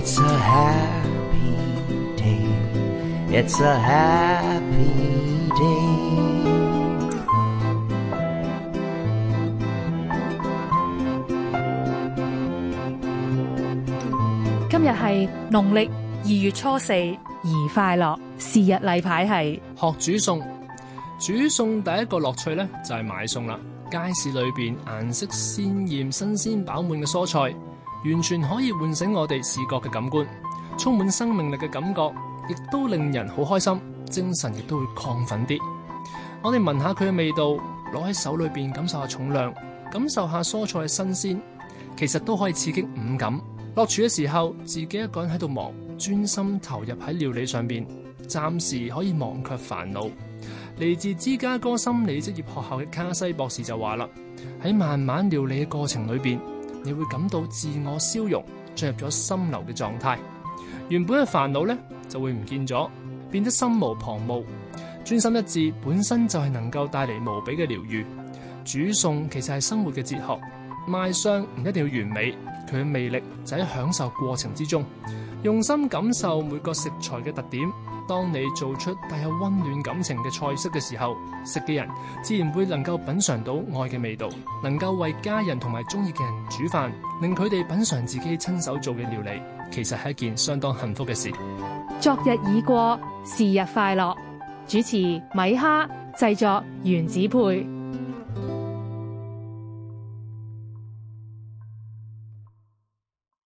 It's a happy day. It's a happy day. 今日係農曆二月初四，宜快樂。是日例牌係學煮餸。煮餸第一個樂趣咧，就係、是、買餸啦，街市裏邊顏色鮮艷、新鮮飽滿嘅蔬菜。完全可以喚醒我哋視覺嘅感官，充滿生命力嘅感覺，亦都令人好開心，精神亦都會亢奮啲。我哋聞下佢嘅味道，攞喺手裏邊感受下重量，感受下蔬菜嘅新鮮，其實都可以刺激五感。落廚嘅時候，自己一個人喺度忙，專心投入喺料理上邊，暫時可以忘卻煩惱。嚟自芝加哥心理職業學校嘅卡西博士就話啦：喺慢慢料理嘅過程裏邊。你會感到自我消融，進入咗心流嘅狀態，原本嘅煩惱咧就會唔見咗，變得心無旁騖，專心一志，本身就係能夠帶嚟無比嘅療愈。煮餸其實係生活嘅哲學。賣相唔一定要完美，佢嘅魅力就喺享受過程之中，用心感受每個食材嘅特點。當你做出帶有溫暖感情嘅菜式嘅時候，食嘅人自然會能夠品嘗到愛嘅味道，能夠為家人同埋鍾意嘅人煮飯，令佢哋品嘗自己親手做嘅料理，其實係一件相當幸福嘅事。昨日已過，是日快樂。主持米哈，製作原子配。